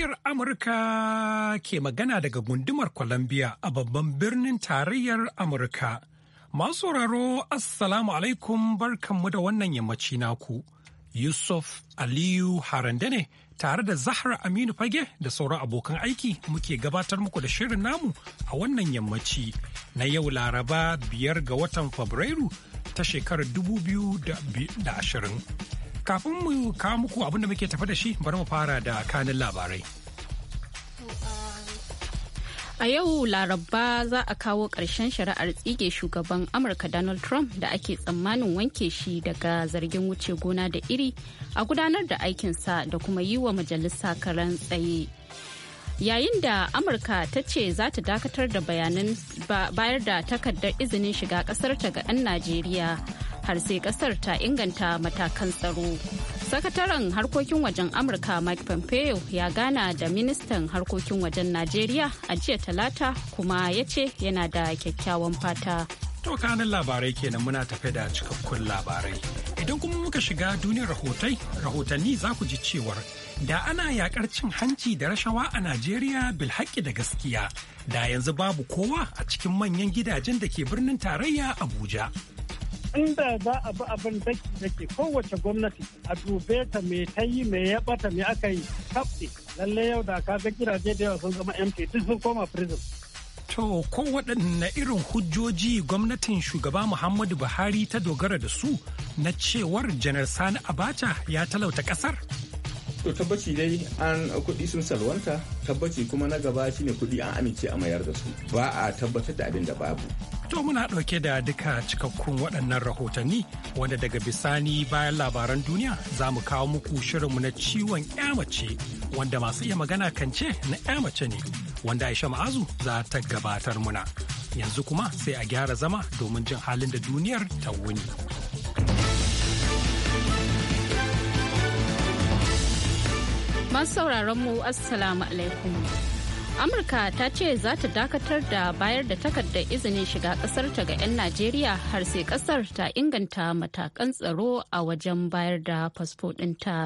muryar Amurka ke magana daga gundumar Columbia a babban birnin tarayyar Amurka. Masu sauraro Assalamu alaikum barkanmu da wannan yammaci naku. Yusuf Aliyu Harande ne tare da Zahra Aminu Fage da sauran abokan aiki muke gabatar muku da shirin namu a wannan yammaci na yau Laraba biyar ga watan Fabrairu ta shekarar 2020. kafin mu kawo muku abinda muke tafa da shi bari mu fara da kanin labarai A yau Laraba za a kawo ƙarshen shari'ar tsige shugaban Amurka Donald Trump da ake tsammanin wanke shi daga zargin wuce gona da iri a gudanar da aikinsa da kuma yi wa majalisa karan tsaye. Yayin da Amurka ta ce za ta dakatar da bayanan bayar da takardar izinin shiga ƙasarta ga 'yan Najeriya. har sai kasar ta inganta matakan tsaro. Sakataren harkokin wajen Amurka Mike Pompeo ya gana da ministan harkokin wajen Najeriya a jiya talata kuma ya ce yana da kyakkyawan fata. To kanin labarai kenan muna tafe da cikakkun labarai. Idan kuma muka shiga duniyar rahotai, rahotanni za ku ji cewar da ana yakar cin hanci da rashawa a Najeriya bilhaƙi da gaskiya. Da yanzu babu kowa a cikin manyan gidajen da ke birnin tarayya Abuja. inda za a bi abin da ke kowace gwamnati a dube ta me ta yi me ya bata me aka yi tabbi lalle yau da ka ga gidaje da yawa sun zama MP duk sun koma prison To ko waɗanne irin hujjoji gwamnatin shugaba Muhammadu Buhari ta dogara da su na cewar janar Sani Abacha ya talauta kasar. To tabbaci dai an kuɗi sun salwanta, tabbaci kuma na gaba shine kuɗi an amince a mayar da su. Ba a tabbatar da abin da babu. To muna ɗauke da duka cikakkun waɗannan rahotanni wanda daga bisani bayan labaran duniya za mu kawo muku shirinmu na ciwon mace wanda masu iya magana kan ce na mace ne wanda Aisha Ma'azu za ta gabatar muna. Yanzu kuma sai a gyara zama domin jin halin da duniyar ta wuni. Masu sauraron mu Assalamu alaikum. amurka ta ce za ta dakatar da bayar da takardar izinin shiga kasar ta ga 'yan najeriya har sai kasar ta inganta matakan tsaro a wajen bayar da fasfo ɗinta.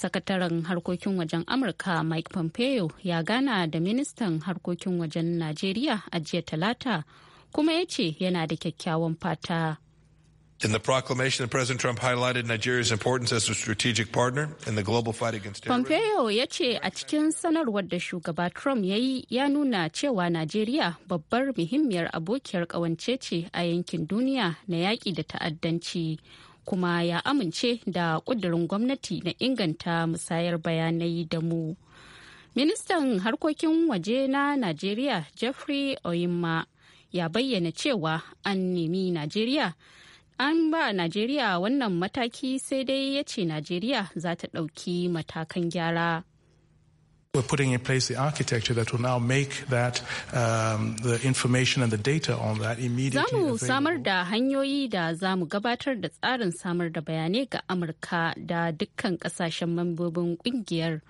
sakataren harkokin wajen amurka mike pompeo ya gana da ministan harkokin wajen najeriya a jiya talata kuma ya ce yana da kyakkyawan fata In the proclamation, President Trump highlighted Nigeria's importance as a strategic partner in the global fight against terrorism. Pompeo ya ce a cikin sanarwar da shugaba Trump ya yi ya nuna cewa Najeriya babbar muhimmiyar abokiyar kawance ce a yankin duniya na yaƙi da ta'addanci. kuma ya amince da ƙudurin gwamnati na inganta musayar bayanai da mu. Ministan harkokin waje na Najeriya Jeffrey Oyinma ya bayyana cewa an nemi Najeriya an ba najeriya wannan mataki sai dai ya ce najeriya za ta ɗauki matakan gyara We're putting in place the architecture that will now make that um, the information and the data on that immediately. Zamu samar da hanyoyi da za mu gabatar da tsarin samar da bayanai ga Amurka da dukkan kasashen mambobin kungiyar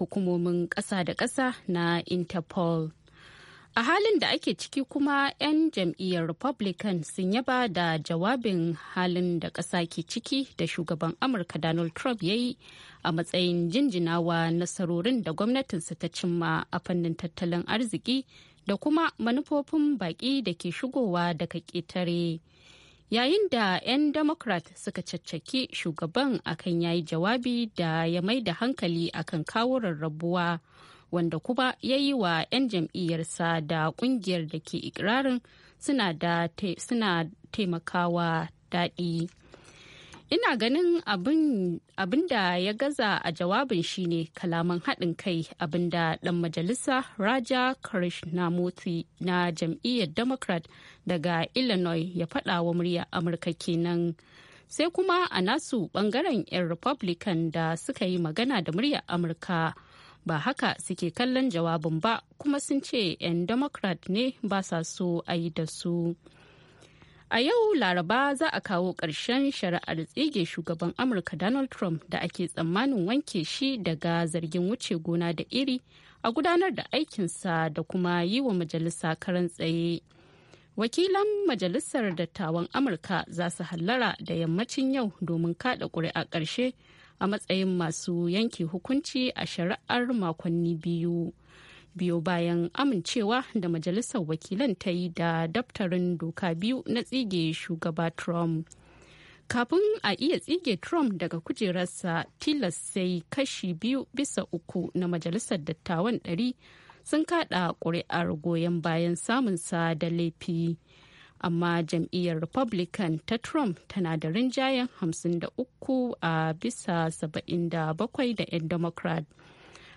hukumomin ƙasa da ƙasa na Interpol. A halin da ake ciki kuma 'yan jam'iyyar Republican sun yaba da jawabin halin da ƙasa ke ciki da shugaban Amurka Donald Trump ya yi a matsayin jinjinawa nasarorin da gwamnatinsa ta cimma a fannin tattalin arziki da kuma manufofin baƙi da ke shigowa daga ƙetare. Yayin da 'yan Democrat suka caccaki shugaban akan yayi jawabi da ya mai da hankali akan kawo rarrabuwa. wanda kuma ya yi wa 'yan jam'iyyarsa da kungiyar da ke ikirarin suna taimakawa daɗi. ina ganin abin da ya gaza a jawabin shine kalaman haɗin kai abin da ɗan majalisa raja krishnamurti na jam'iyyar democrat daga illinois ya faɗa wa murya amurka kenan sai kuma a nasu ɓangaren 'yan republican da suka yi magana da murya amurka ba haka suke kallon jawabin ba kuma sun ce 'yan democrat ne ba sa so a yi da su a yau laraba za a kawo ƙarshen shari'ar tsige shugaban amurka donald trump da ake tsammanin wanke shi daga zargin wuce gona da iri a gudanar da aikinsa da kuma yi wa majalisa karan tsaye wakilan majalisar dattawan amurka za su hallara da yammacin yau domin kada ƙuri'a ƙarshe a matsayin masu yanke hukunci a shari'ar makonni biyu biyo bayan amincewa da majalisar wakilan ta yi da daftarin doka biyu na tsige shugaba trump kafin a iya tsige trump daga kujerarsa tilas sai kashi biyu bisa uku na majalisar dattawan ɗari sun kada ƙuri'ar goyon bayan samunsa da laifi amma jam'iyyar republican ta trump tana da rinjayen 53 a bisa 77 da 'yan democrat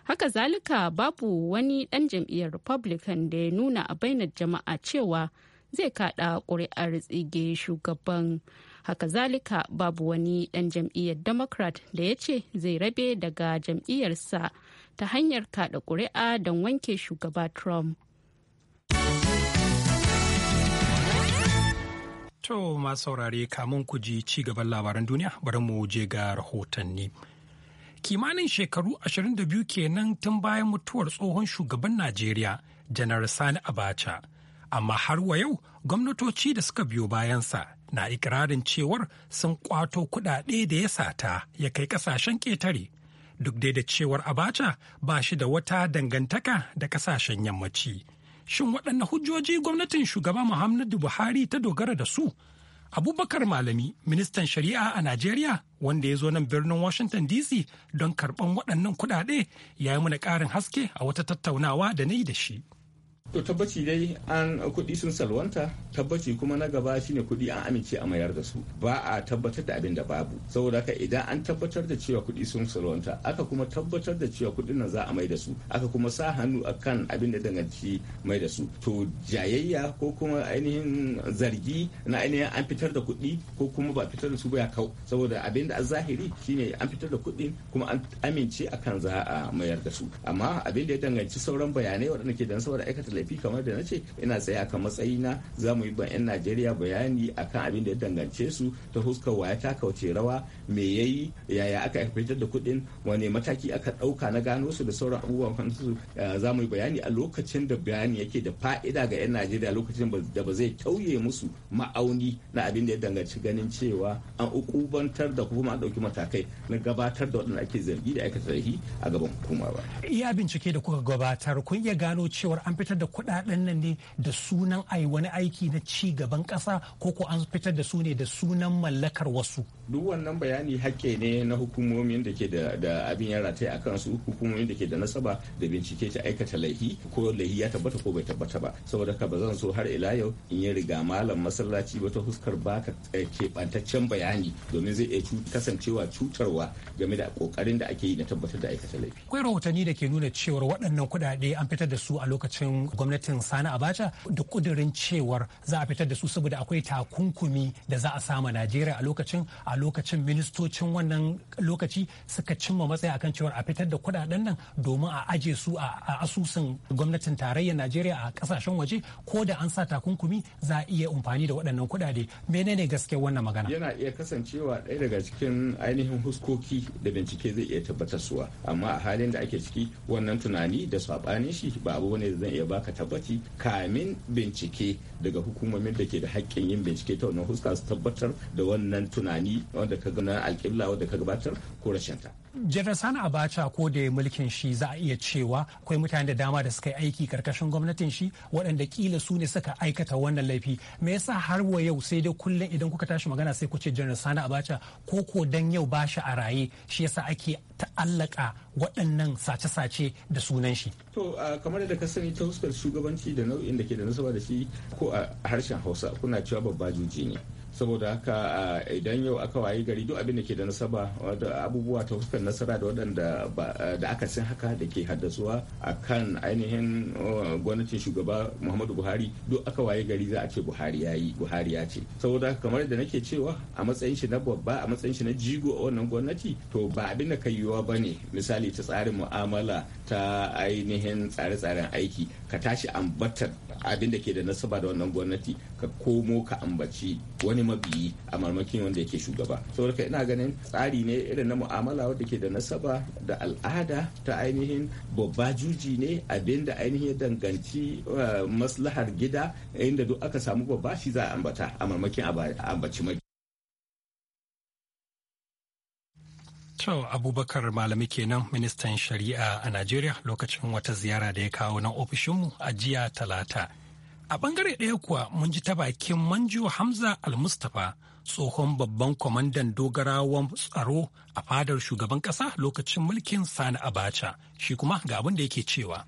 haka zalika babu wani ɗan jam'iyyar republican da ya nuna a bainar jama'a cewa zai kada ƙuri'ar tsige shugaban haka zalika babu wani ɗan jam'iyyar democrat da ya ce zai rabe daga jam'iyyarsa ta hanyar kada ƙuri'a don wanke shugaba trump To masu saurare kamun ku ci gaban labaran duniya bari mu je ga rahotanni. Kimanin shekaru 22 kenan tun bayan mutuwar tsohon shugaban Najeriya, Janar Sani Abacha. Amma har wa yau gwamnatoci da suka biyo bayansa na ikirarin cewar sun kwato kuɗaɗe da ya sata ya kai ƙasashen ketare Duk dai da cewar Abacha ba shi da wata dangantaka da ƙasashen yammaci. shin waɗanne hujjoji gwamnatin shugaba muhammadu buhari ta dogara da su abubakar malami ministan shari'a a najeriya wanda ya zo nan birnin washington dc don karɓan waɗannan kuɗaɗe ya yi mana ƙarin haske a wata tattaunawa da na yi da shi To tabbaci dai an kuɗi sun salwanta tabbaci kuma na gaba shine kuɗi an amince a mayar da su ba a tabbatar da abin da babu saboda haka idan an tabbatar da cewa kuɗi sun salwanta aka kuma tabbatar da cewa kuɗin nan za a mai da su aka kuma sa hannu akan abin da danganci mai da su to jayayya ko kuma ainihin zargi na ainihin an fitar da kuɗi ko kuma ba fitar da su ba ya kau saboda abin da a zahiri shine an fitar da kuɗi kuma an amince akan za a mayar da su amma abin da ya danganci sauran bayanai waɗanda ke da nasarar aikata laifi kamar da na ce ina tsaye matsayi na za mu yi ban 'yan najeriya bayani akan abin da ya dangance su ta huskar waya ta kauce rawa me yayi yaya aka fitar da kuɗin wani mataki aka ɗauka na gano su da sauran abubuwan su za mu yi bayani a lokacin da bayani yake da fa'ida ga 'yan najeriya lokacin da ba zai tauye musu ma'auni na abin da ya danganci ganin cewa an ukubantar da kuma an ɗauki matakai na gabatar da waɗanda ake zargi da aikata a gaban hukuma ba. iya bincike da kuka gabatar kun iya gano cewar an fitar da kuɗaɗen nan ne da sunan ai wani aiki na ci gaban ƙasa ko ko an fitar da su ne da sunan mallakar wasu. Duk wannan bayani hakke ne na hukumomin da ke da abin ya rataya a su hukumomin da ke da nasaba da bincike ta aikata laihi ko laihi ya tabbata ko bai tabbata ba saboda ka ba zan so har ila yau in yi riga malam masallaci ba ta fuskar baka eh, keɓantaccen bayani domin zai iya kasancewa cutarwa game da kokarin da ake yi na tabbatar da aikata laifi. Akwai rahotanni da ke nuna cewa waɗannan kuɗaɗe an fitar da su a lokacin gwamnatin sani abacha da kudirin cewar za a fitar da su saboda akwai takunkumi da za a samu najeriya a lokacin a lokacin ministocin wannan lokaci suka cimma matsayi akan cewar a fitar da kudaden nan domin a aje su a asusun gwamnatin tarayyar najeriya a kasashen waje ko da an sa takunkumi za a iya amfani da waɗannan kudade menene gaske wannan magana yana iya kasancewa ɗaya daga cikin ainihin huskoki da bincike zai iya tabbatar tabbatarsuwa amma a halin da ake ciki wannan tunani da saɓanin shi ba abu ne da zan iya baka aka tabbaci kamin bincike daga hukumomin da ke da haƙƙin yin bincike ta wannan huska su tabbatar da wannan tunani wanda ka gana alƙibla wanda ka gabatar ko rashin ta Jefferson Abacha ko da mulkin shi za a iya cewa akwai mutane da dama da suka yi aiki karkashin gwamnatin shi waɗanda kila su ne suka aikata wannan laifi me yasa har wa yau sai dai kullum idan kuka tashi magana sai ku ce General Sani Abacha ko ko dan yau ba shi a raye shi yasa ake ta'allaka waɗannan sace-sace da sunan shi. To kamar da ka sani ta huskar shugabanci da nau'in da ke da nasaba da shi ko a harshen Hausa kuna cewa babba juji ne. saboda haka idan yau aka wayi gari duk abin da ke da nasaba da abubuwa ta hukar nasara da waɗanda da aka sin haka da ke haddasuwa a kan ainihin gwamnatin shugaba muhammadu buhari duk aka wayi gari za a ce buhari ya yi buhari ya ce saboda haka kamar da nake cewa a matsayin shi na babba a matsayin shi na jigo a wannan gwamnati to ba abin da ka yiwuwa ba ne misali ta tsarin mu'amala ta ainihin tsare-tsaren aiki ka tashi ambatar abin da ke da nasaba da wannan gwamnati ka komo ka ambaci wani mabiyi a marmakin wanda yake shugaba saboda ina ganin tsari ne irin na mu'amala wanda ke da nasaba da al'ada ta ainihin babba juji ne abin da ainihin ya danganci eh, maslahar gida inda duk aka samu babba shi za a ambata a marmakin ambaci mai To Abubakar Malami kenan ministan shari'a a Najeriya lokacin wata ziyara da ya kawo nan ofishinmu a jiya talata. A bangare ɗaya kuwa mun ji ta bakin Manjo Hamza Al-Mustapha tsohon babban kwamandan dogarawan tsaro a fadar shugaban ƙasa lokacin mulkin Sani Abacha shi kuma ga abin da yake cewa.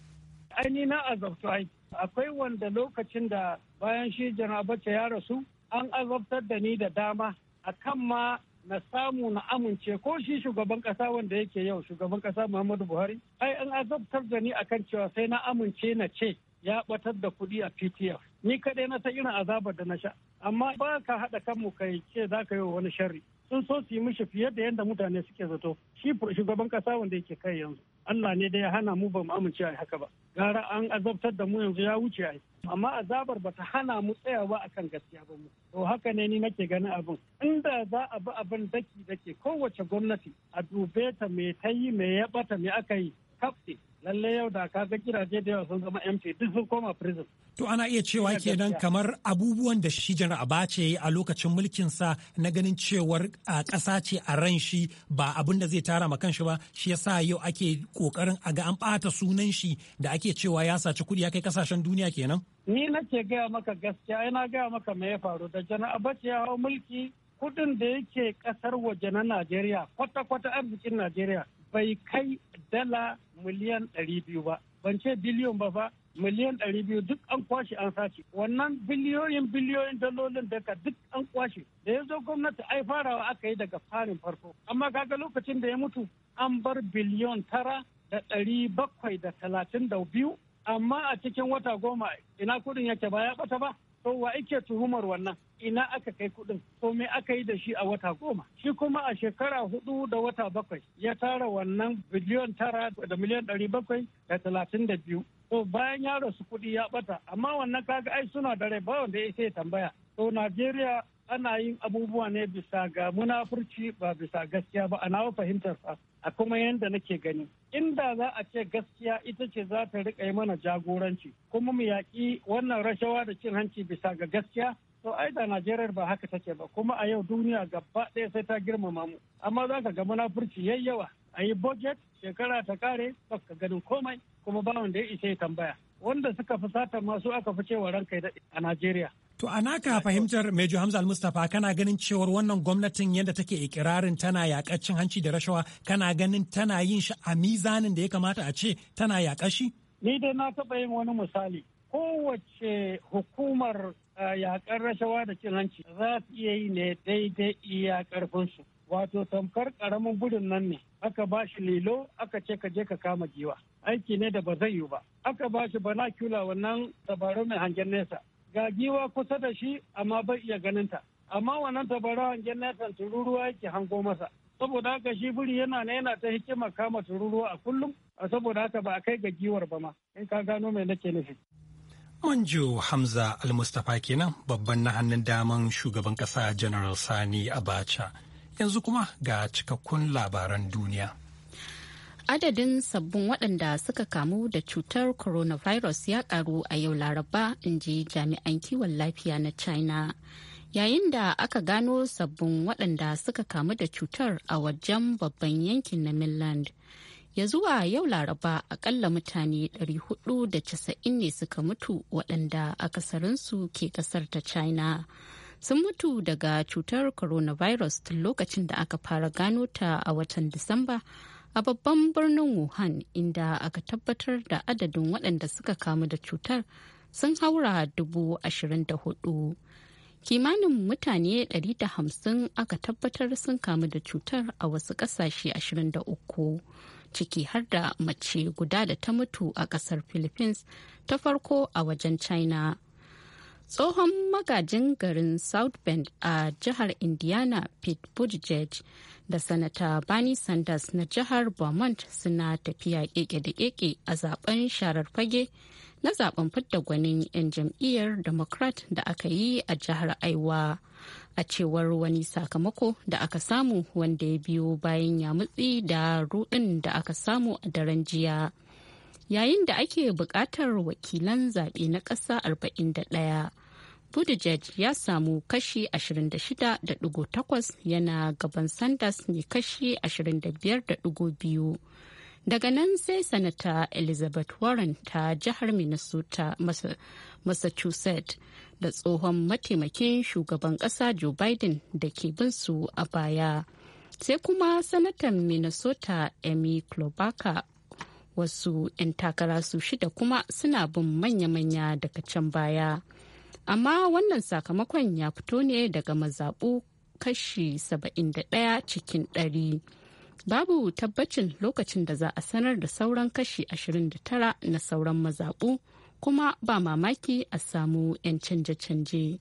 Aini na azabtai akwai wanda lokacin da bayan shi Abacha ya rasu an azabtar da ni da dama a kan ma na samu na amince ko shi shugaban ƙasa wanda yake yau shugaban ƙasa Muhammadu Buhari ai an azabtar da ni akan cewa sai na amince na ce ya batar da kuɗi a ptf ni kaɗai na san irin azabar da na sha amma ba ka haɗa kanmu ka ce za ka yi wani sharri sun so su yi mishi fiye da yadda mutane suke zato shi shugaban ƙasa wanda yake kai yanzu Allah ne da ya hana mu ba mu amince a haka ba gara an azabtar da mu yanzu ya wuce a amma azabar ba ta hana mu tsayawa a kan gaskiya ba mu to haka ne ni nake ganin abin inda za a bi abin daki dake kowace gwamnati a dube ta me ta yi me ya bata me aka yi kafte lalle yau da ka ga gidaje da yawa sun zama mp duk sun koma prison to ana iya cewa kenan kamar abubuwan da shi a abace a lokacin mulkin sa na ganin cewar a ƙasa ce a ran shi ba abin da zai tara ma shi ba shi yasa yau ake kokarin a ga an ɓata sunan shi da ake cewa ya saci kudi ya kai kasashen duniya kenan ni nake gaya maka gaskiya ina gaya maka me ya faru da janar abace ya hau mulki kudin da yake kasar waje na Najeriya kwata-kwata arzikin Najeriya bai kai dala miliyan ɗari biyu ba ban ce biliyon ba ba miliyan ɗari biyu duk an kwashe an sace wannan biliyoyin biliyoyin dalolin daga duk an kwashe da ya zo gwamnati ai farawa aka yi daga farin farko amma kaga lokacin da ya mutu an bar biliyon tara da ɗari bakwai da talatin da biyu amma a cikin wata goma ina kudin yake ba ya ɓata ba to wa ake tuhumar wannan ina aka kai kuɗin ko me aka yi da shi a wata goma shi kuma a shekara hudu da wata bakwai ya tara wannan biliyon tara da miliyan ɗari bakwai da talatin da biyu to bayan ya rasu kudi ya bata amma wannan kaga ai suna da rai ba wanda ya tambaya to najeriya ana yin abubuwa ne bisa ga munafurci ba bisa gaskiya ba a nawa fahimtar sa a kuma yadda nake gani inda za a ce gaskiya ita ce za ta riƙa yi mana jagoranci kuma mu yaƙi wannan rashawa da cin hanci bisa ga gaskiya to ai da Najeriya ba haka take ba kuma a yau duniya gaba ɗaya sai ta girmama mu amma za ka ga munafurci yayyawa a yi budget shekara ta kare baka ganin komai kuma ba wanda ya isa ya tambaya wanda suka fi satar masu aka fi cewa ranka a Najeriya To a naka fahimtar Mejo Hamza Al-Mustapha kana ganin cewar wannan gwamnatin yadda take ikirarin tana yakar cin hanci da rashawa kana ganin tana yin shi a mizanin da ya kamata a ce tana yakashi? Ni dai na taɓa yin wani misali. Kowace hukumar eh, yakar rashawa da cin hanci za su iya yi ne daidai iya ƙarfinsu. Wato tamkar ƙaramin gudun nan ne. Aka ba shi lilo aka ce ka je ka kama giwa. Aiki ne da ba zai yiwu ba. Aka ba shi kula wannan dabarun mai hangen nesa. ga giwa kusa da shi amma bai iya ganin ta amma wannan tabarawan janatan tururuwa yake hango masa saboda haka shi biri yana na yana ta hikima kama tururuwa a kullum a saboda haka ba a kai ga giwar ba ma in ka gano mai nake nufi Manjo Hamza Almustapha kenan babban na hannun daman shugaban kasa General Sani Abacha. Yanzu kuma ga cikakkun labaran duniya. adadin sabbin waɗanda suka kamu da cutar coronavirus ya karu a yau laraba in ji jami'an kiwon lafiya na china yayin da aka gano sabbin waɗanda suka kamu da cutar a wajen babban yankin na mainland ya zuwa yau laraba akalla mutane 490 ne suka mutu waɗanda akasarinsu ke ƙasar ta china sun mutu daga cutar coronavirus tun lokacin da aka fara gano ta a watan disamba a babban birnin Wuhan inda aka tabbatar da adadin waɗanda suka kamu da cutar sun haura dubu ashirin da hudu. Kimanin mutane 150 aka tabbatar sun kamu da cutar a wasu ƙasashe 23 ciki har da mace guda da ta mutu a ƙasar Philippines ta farko a wajen China. tsohon magajin garin south bend a jihar indiana pete buttigieg da sanata bernie sanders na jihar vermont suna tafiya keke da keke a zaben sharar fage na zaben fidda gwanin 'yan jam'iyyar democrat da aka yi a jihar aiwa a cewar wani sakamako da aka samu wanda ya biyo bayan ya yamutsi da rudin da aka samu a daren jiya yayin da ake buƙatar wakilan zaɓe na ƙasa 41 Buttigieg ya samu kashi 26.8 yana gaban Sanders mai kashi 25.2. Daga nan sai Sanata Elizabeth Warren ta jihar Minnesota, Massachusetts da tsohon mataimakin shugaban ƙasa Joe Biden da ke bin su a baya. Sai kuma Sanatan Minnesota Amy Klobuchar wasu 'yan takara su shida kuma suna bin manya-manya daga can baya. amma wannan sakamakon ya fito ne daga mazaɓu kashi 71 cikin ɗari. babu tabbacin lokacin da za a sanar da sauran kashi 29 na sauran mazaɓu kuma ba mamaki a samu 'yan canje-canje.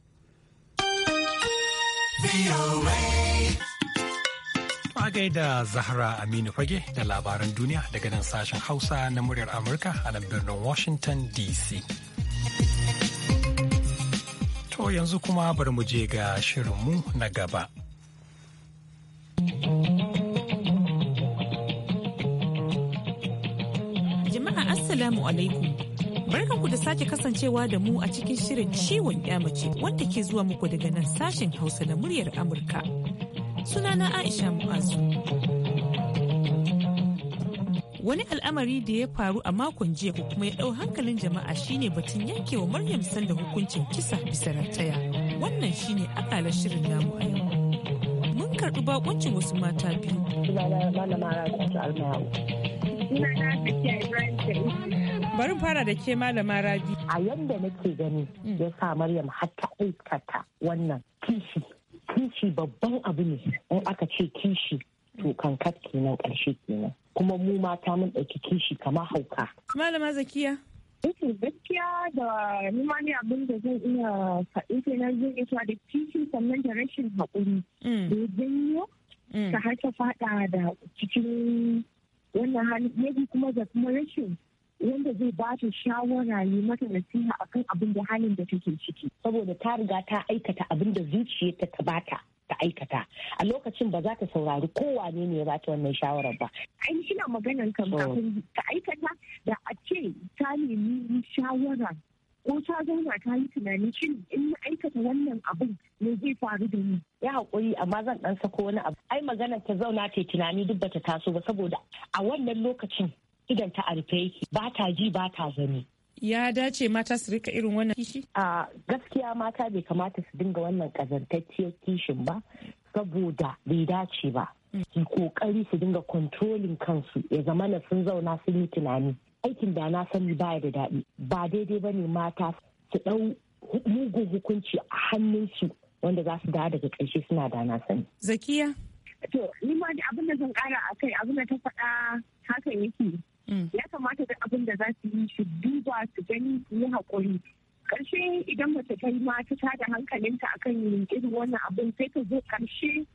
Fage da Zahra Aminu Fage da labaran duniya daga nan sashen Hausa na muryar Amurka a nan birnin Washington DC. To yanzu kuma bari mu je ga shirinmu na gaba. Jama'a Assalamu alaikum. Barkanku da sake kasancewa da mu a cikin shirin ciwon mace wanda ke zuwa muku daga nan sashen Hausa na muryar Amurka. Sunana Aisha Mu'azu. wani al'amari da ya faru a makon jiya ko kuma ya ɗau hankalin jama'a shine batun yankewa maryam sanda hukuncin kisa bisa rataya wannan shine akalar shirin namu a yau mun karɓi bakuncin wasu mata biyu bari fara da ke malama rabi a yadda nake gani mm. ya sa maryam hatta aikata wannan kishi kishi babban abu ne in aka ce kishi tukan kat kenan ƙarshe kenan kuma mu mata mun ɗauki kishi kamar hauka. Malama Zakiya. Ita eh, gaskiya da nima ne abin da zan iya faɗi kenan zan iya da kishi sannan da rashin haƙuri. Mm. Da janyo mm. ta har ta faɗa da cikin wannan hali yaji kuma da kuma rashin wanda zai ba ta shawara ne mata nasiha akan abin da halin da take ciki saboda ta riga ta aikata abin da zuciyarta ta bata ta aikata a lokacin ba za ta saurari kowa ne ya ta wannan shawarar ba ai kina maganan kan kafin ta aikata da a ce ta nemi shawara ko ta zauna ta yi tunani shin in na aikata wannan abin ne zai faru da ni ya haƙuri amma zan ɗan sako wani abu ai maganar ta zauna ta tunani duk bata taso ba saboda a wannan lokacin idan ta arfe yake ba ta ji ba ta zani ya dace mata su rika irin wannan kishi? A gaskiya mata bai kamata su dinga wannan kazantacciyar kishin ba saboda bai dace ba. Mm. Ki kokari su dinga kontrolin kansu ya zama na sun zauna sun yi tunani. Aikin da na sani baya da daɗi ba daidai ba ne mata su ɗau mugun hukunci a hannunsu wanda za su da daga ƙarshe suna da na sani. Zakiya? To, ni ma abin da zan ƙara a kai abin da ta faɗa hakan yake Mm. ya kamata da abin da za su yi shi duba su gani su yi haƙuri ƙarshe idan mace ta yi ma ta tada hankalinta akan irin wannan abin sai ta zo ƙarshe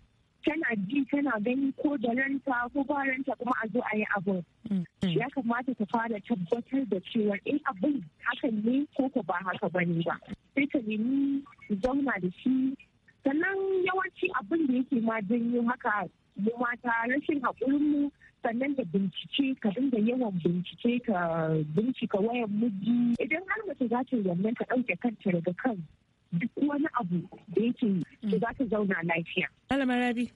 tana ji tana gani ko da ranta ko ba ranta kuma a zo a yi abin. Mm. Mm. Ya kamata ta fara tabbatar da cewa in eh, abin hakan ne ko ko ba haka ba ne ba. Sai ta nemi zauna da shi sannan yawanci abin da yake ma janyo haka mu mata rashin haƙurinmu sannan da bincike ka dinga yawan bincike ka bincika wayan muji idan har mace za ta wannan ka ɗauke kanta daga kan duk wani abu da yake to za ta zauna lafiya. Malamar Rabi.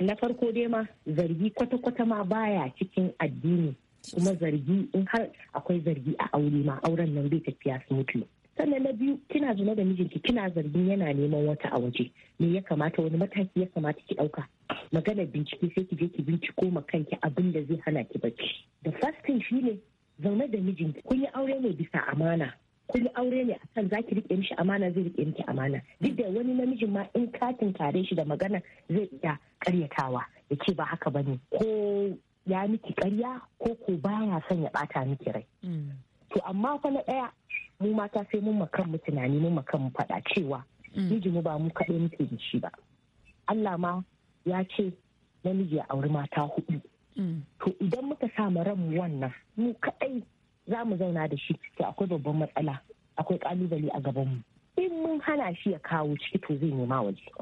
Na farko dai ma zargi kwata-kwata ma baya cikin addini kuma zargi in har akwai zargi a aure ma auren nan bai tafiya su mutu. sannan na biyu kina zuna da mijinki kina zargin yana neman wata a waje me ya kamata wani mataki ya kamata ki ɗauka magana bincike sai ki je ki binciko ma kanki abin da zai hana ki bacci da shi shine zaune da mijinki kun yi aure ne bisa amana kun yi aure ne akan za ki rike mishi amana zai rike miki amana duk da wani namijin ma in katin tare shi da magana zai iya karyatawa ya ce ba haka bane ko ya miki karya ko ko baya son ya bata miki rai mm. to amma fa na daya mu mata sai mun makan mu tunani mun makan mu faɗa cewa mm. miji mu ba mu kaɗai muke da shi ba Allah ma ya ce namiji ya auri mata hudu mm. to idan muka sa ran mu wannan mu kaɗai za mu zauna da shi ciki akwai babban matsala akwai kalubale a gaban mu in mun hana shi ya kawo ciki to zai nema waje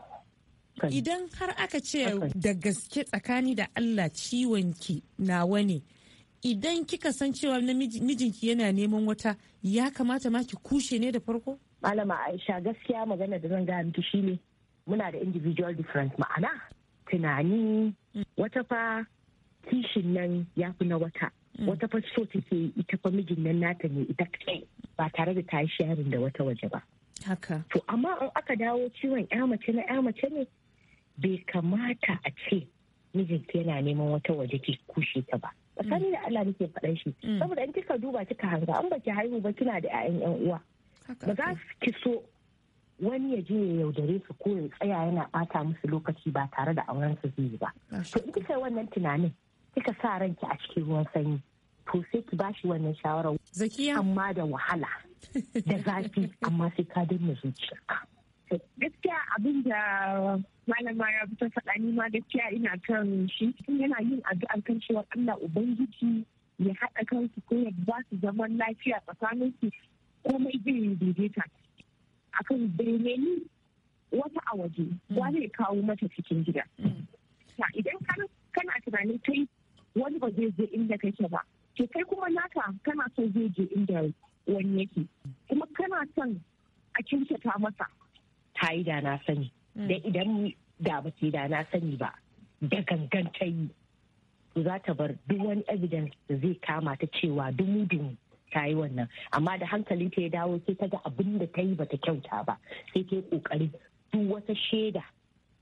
idan har aka ce da gaske tsakani da Allah ciwon ki nawa ne idan kika san cewa mijinki yana neman wata ya kamata ma ki kushe ne da farko malama aisha gaskiya magana da zan gaya miki shine muna da individual difference ma'ana tunani wata fa kishin nan ya fi na wata mm. wata fa so take ita fa mijin nan nata ne ita kai ba tare da ta yi sharing da wata waje ba haka to amma in aka dawo ciwon ya mace na ya mace ne bai kamata a ce mijinki yana neman wata waje ki kushe ta ba tsakani da Allah nake faɗa shi mm. saboda in kika duba kika hanga an baki haihu ba kina da 'ya'yan 'yan uwa ba za ki so wani ya je ya yaudare su ko ya tsaya yana bata musu lokaci ba tare da auren su zai ba to in kika wannan tunanin kika sa ranki a cikin ruwan sanyi to sai ki bashi wannan shawara zakiya amma da wahala da zafi amma sai ka danna zuciyarka gaskiya abin da malama ya ta faɗa ni ma gaskiya ina kan shi yana yin addu'ar kan cewa Allah ubangiji ya haɗa kansu ko ya ba su zaman lafiya tsakanin su komai zai daidaita akan birneni wata a waje wa mm. zai kawo mata cikin gida mm. idan kana tunanin kai wani ba zai je inda kake ba ke kai kuma naka kana so zai je inda wani yake kuma kana son a kyautata masa ta yi da na sani mm. da idan da ba ce da na sani ba da gangan ta yi to za ta bar duk wani evidence da zai kama ta cewa dumu-dumu ta yi wannan amma da hankali ta ya dawo sai ta ga abin da ta yi bata kyauta ba sai ta yi kokari duk wata shaida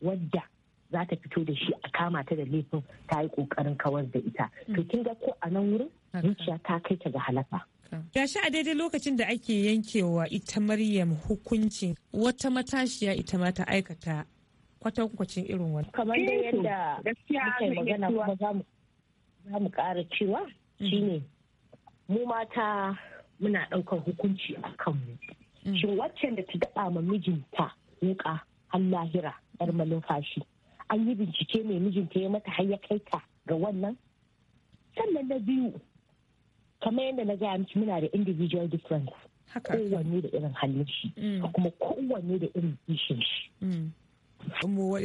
wadda za ta fito da shi a kama ta da laifin ta yi kokarin kawar da ita mm. to kin ga ko a nan wurin zuciya ta kai ta ga halaka Ya shi a daidai lokacin da ake yankewa ita Maryam hukuncin wata matashiya ita ma ta aikata kwatankwacin irin wani. Kamar da eh yadda muke magana kuma za mu ƙara cewa mm. shine mu mata muna ɗaukar hukunci a kanmu. Mm. Shin waccan da ta daɓa ma mijinta wuƙa har lahira yar malumfashi an yi bincike mai mijinta ya mata har ya kai ka ga wannan sannan na biyu kamar yadda na gaya miki muna da individual difference kowanne da irin halin shi mm. kuma kowanne da irin ishin shi mm.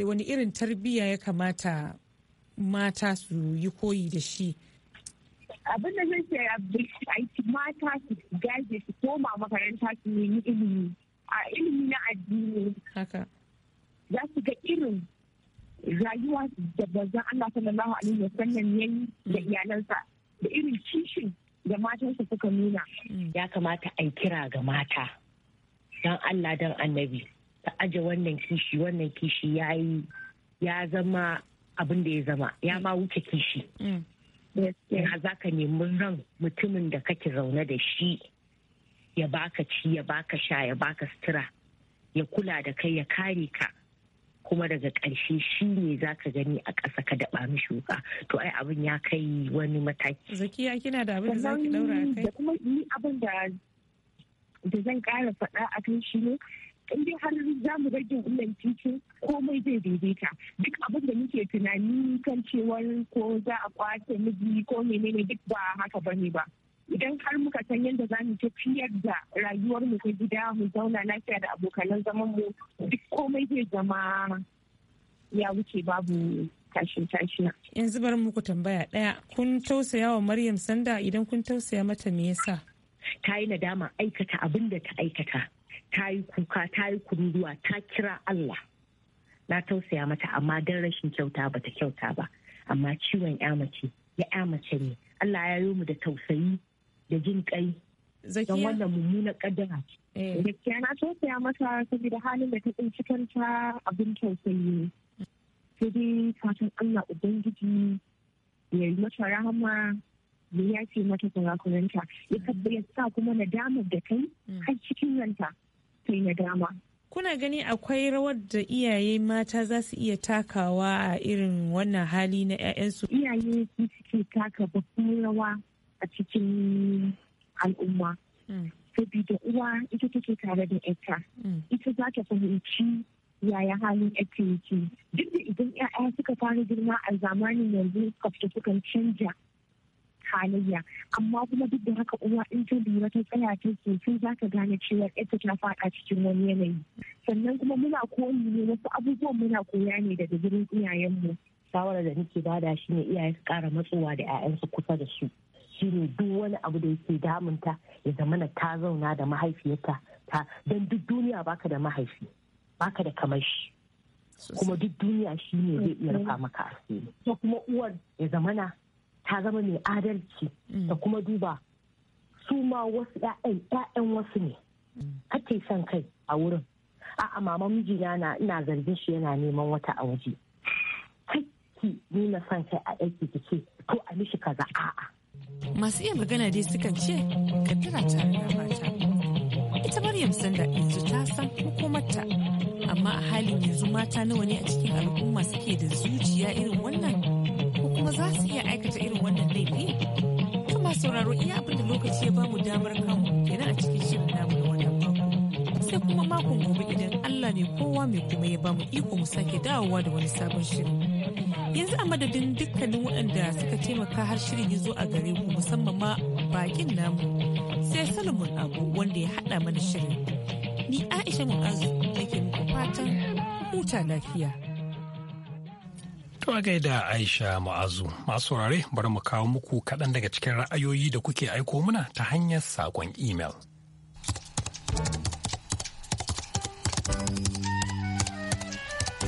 wani irin tarbiyya ya kamata mata su yi koyi da shi abin da zai ce mata su gaje su koma makaranta su nemi ilimi a ilimi na addini za su ga irin rayuwa da bazan Allah sallallahu alaihi wasallam yayi da mm. iyalansa da irin kishin da matansa suka nuna mm. ya kamata a kira ga mata don Allah don annabi ta aje wannan kishi wannan kishi ya yi ya zama abin da ya zama ya ma wuce kishi mm. ya za ka nemi ran mutumin da kake zaune da shi ya baka ci ya baka sha ya baka sutura ya kula da kai ya kare ka kuma daga ƙarshe shi ne za ka gani a ƙasa ka daɓa mishi wuka to ai abin ya kai wani mataki zakiya kina da abin da za ki kai da kuma ni abin da da zan ƙara faɗa a kan shi ne in dai har za mu rage wannan titin komai zai daidaita duk abin da muke tunani kan cewar ko za a kwace miji ko menene duk ba haka bane ba idan har muka san yadda za mu tafiyar da rayuwar mu ta gida mu zauna lafiya da abokanan zaman mu duk komai zai zama ya wuce babu tashin tashina. Yanzu bari muku tambaya ɗaya kun tausaya wa Maryam Sanda idan kun tausaya mata me yasa? Ta yi nadama aikata abin da ta aikata. Ta yi kuka, ta yi kururuwa, ta kira Allah. Na tausaya mata amma don rashin kyauta bata kyauta ba. Amma ciwon ya mace, ya mace ne. Allah ya yi mu da tausayi da jin kai don wannan mummunan kaddara eh. gaskiya na tausaya masa saboda halin da ta tsinci kanta abin tausayi sai dai fatan allah ubangiji ya yi mata rahama ya yace mata kurakuranta ya mm. ya sa kuma nadamar da kai mm. har cikin ranta sai nadama kuna gani akwai rawar da iyaye mata za su iya takawa a irin wannan hali na 'ya'yansu iyaye su suke taka babban rawa a cikin al'umma mm. saboda uwa ita take tare da ita mm. ita za ta fahimci yaya halin ita yake duk da idan 'ya'ya suka fara girma a zamanin yanzu suka sukan canja halayya amma kuma duk da haka uwa in ta lura ta tsaya ta sosai za ta gane cewa ita ta faɗa cikin wani yanayi sannan kuma muna koyi ne wasu abubuwan muna koya ne daga gurin iyayenmu shawarar da nake bada shi ne iyaye su ƙara matsowa da 'ya'yansu kusa da su shine duk wani abu da yake damunta ya zama na ta zauna da mahaifiyarta ta don duk duniya baka da mahaifi baka da kamar shi kuma duk duniya shi ne zai iya mm-hmm. rufa maka asiri kuma uwar ya zamana ta zama mai adalci mm. da kuma duba su ma wasu 'ya'yan 'ya'yan wasu ne mm. kace san kai a wurin a'a mama mijina na ina zargin shi yana neman wata a waje ki nuna son kai a aiki ki ce to a mishi kaza a'a masu iya magana dai sukan ce kaddara tare da mata ita maryam sanda yanzu ta san hukumarta amma a halin yanzu mata nawa ne a cikin al'umma suke da zuciya irin wannan ko kuma za su iya aikata irin wannan laifi kuma sauraro iya abin da lokaci ya bamu damar kanmu kenan a cikin shirin namu na wannan mako sai kuma makon gobe idan allah ne kowa mai kuma ya bamu iko mu sake dawowa da wani sabon shirin yanzu a madadin dukkanin waɗanda suka taimaka har shirin ya zo a gare ku musamman ma bakin namu sai salomon abu wanda ya haɗa mana shirin ni aisha mu'azu nake muku fatan huta lafiya To gaida Aisha muazu masu saurare bari mu kawo muku kaɗan daga cikin ra'ayoyi da kuke aiko mana ta hanyar saƙon imel.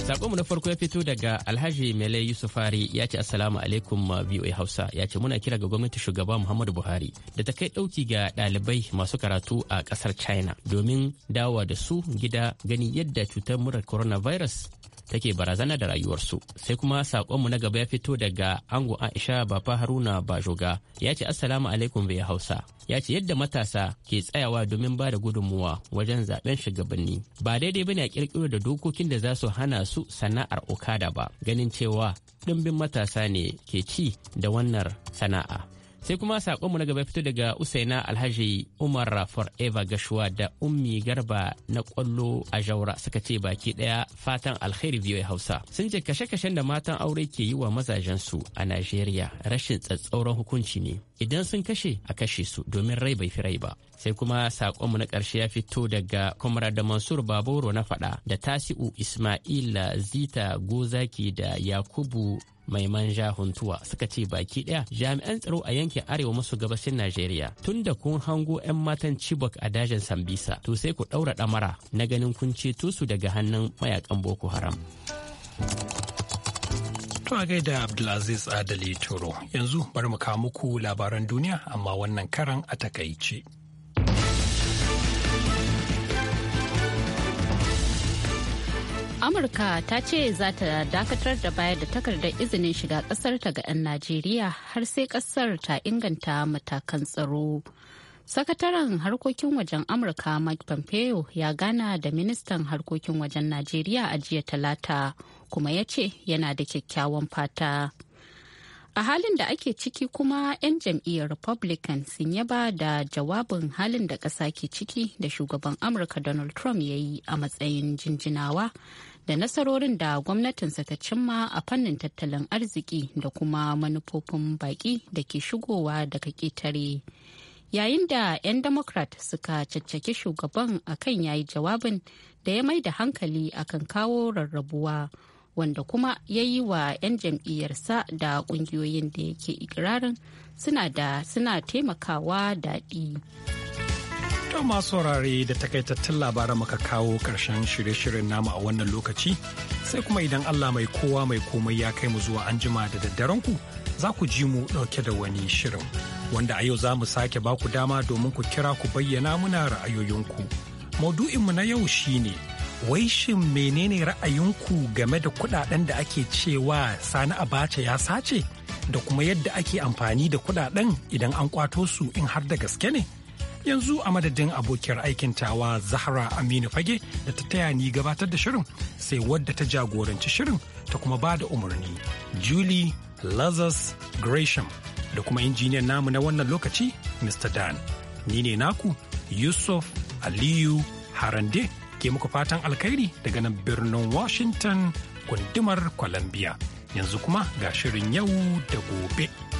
mu na farko ya fito daga Alhaji Mele Yusufari ya ce Assalamu alaikum uh, VOA Hausa ya ce muna kira ga gwamnati shugaba Muhammadu Buhari da ta kai ɗauki ga ɗalibai masu karatu a ƙasar China domin dawa da su gida gani yadda cutar murar coronavirus take barazana da rayuwarsu sai kuma sakonmu na gaba ya fito daga ango aisha bafa haruna bajoga ya ce assalamu alaikum bai hausa ya ce yadda matasa ke tsayawa domin ba da gudunmuwa wajen zaben shugabanni ba daidai bane a kirkiro da dokokin da za su hana su sana'ar okada ba ganin cewa ɗimbin matasa ne ke ci da wannan sana'a sai kuma saƙonmu na gaba fito daga usaina alhaji umar rafar eva gashuwa da ummi garba na kwallo a jaura suka ce baki ɗaya fatan alkhairi biyu hausa sun ce kashe-kashen da matan aure ke yi wa mazajensu a najeriya rashin tsatsauran hukunci ne idan sun kashe a kashe su domin rai bai fi rai ba sai kuma saƙonmu na ƙarshe ya fito daga kwamra da mansur baboro na faɗa da tasi'u isma'ila zita gozaki da yakubu mai manja huntuwa suka ce baki daya jami'an tsaro a yankin arewa maso gabashin najeriya tun da kun hango 'yan matan chibok a dajin sambisa to sai ku daura damara na ganin kun ceto su daga hannun mayakan boko haram to a gaida abdulaziz adali toro yanzu bari mu kawo muku labaran duniya amma wannan karan a takaice. amurka ta ce za ta dakatar da bayar da takardar izinin shiga kasar ta ga 'yan najeriya har sai kasar ta inganta matakan tsaro sakataren harkokin wajen amurka mike pompeo ya gana da ministan harkokin wajen najeriya a jiya talata kuma ya ce yana da kyakkyawan fata a halin da ake ciki kuma 'yan jam'iyyar republican sun yaba da jawabin halin da ƙasa ke ciki da shugaban amurka donald trump ya yi a matsayin jinjinawa da nasarorin da gwamnatinsa ta cimma a fannin tattalin arziki da kuma manufofin baƙi da ke shigowa daga ƙetare. Yayin da 'yan Democrat suka caccaki shugaban akan yayi jawabin da ya mai da hankali akan kawo rarrabuwa. wanda kuma ya yi wa 'yan jam'iyyarsa da ƙungiyoyin da yake ikirarin suna da suna taimakawa daɗi. To masu saurare da takaitattun labaran muka kawo karshen shirye-shiryen namu a wannan lokaci sai kuma idan Allah mai kowa mai komai ya kai mu zuwa anjima da daddaren ku za ku ji mu dauke da wani shirin wanda a yau za mu sake ba ku dama domin ku kira ku bayyana muna ra'ayoyinku. Maudu'inmu na yau shine wai shin menene ra'ayinku game da kuɗaɗen da ake cewa Sani Abacha ya sace da kuma yadda ake amfani da kuɗaɗen idan an kwato su in har da gaske ne? yanzu a madadin abokiyar aikin tawa zahra aminu fage da ta taya ni gabatar da shirin sai wadda ta jagoranci shirin ta kuma ba da umarni julie lazarus gresham da kuma injiniyan namu na wannan lokaci mr dan ni ne naku yusuf aliyu harande ke muku fatan alkhairi daga nan birnin washington gundumar columbia yanzu kuma ga shirin yau da gobe.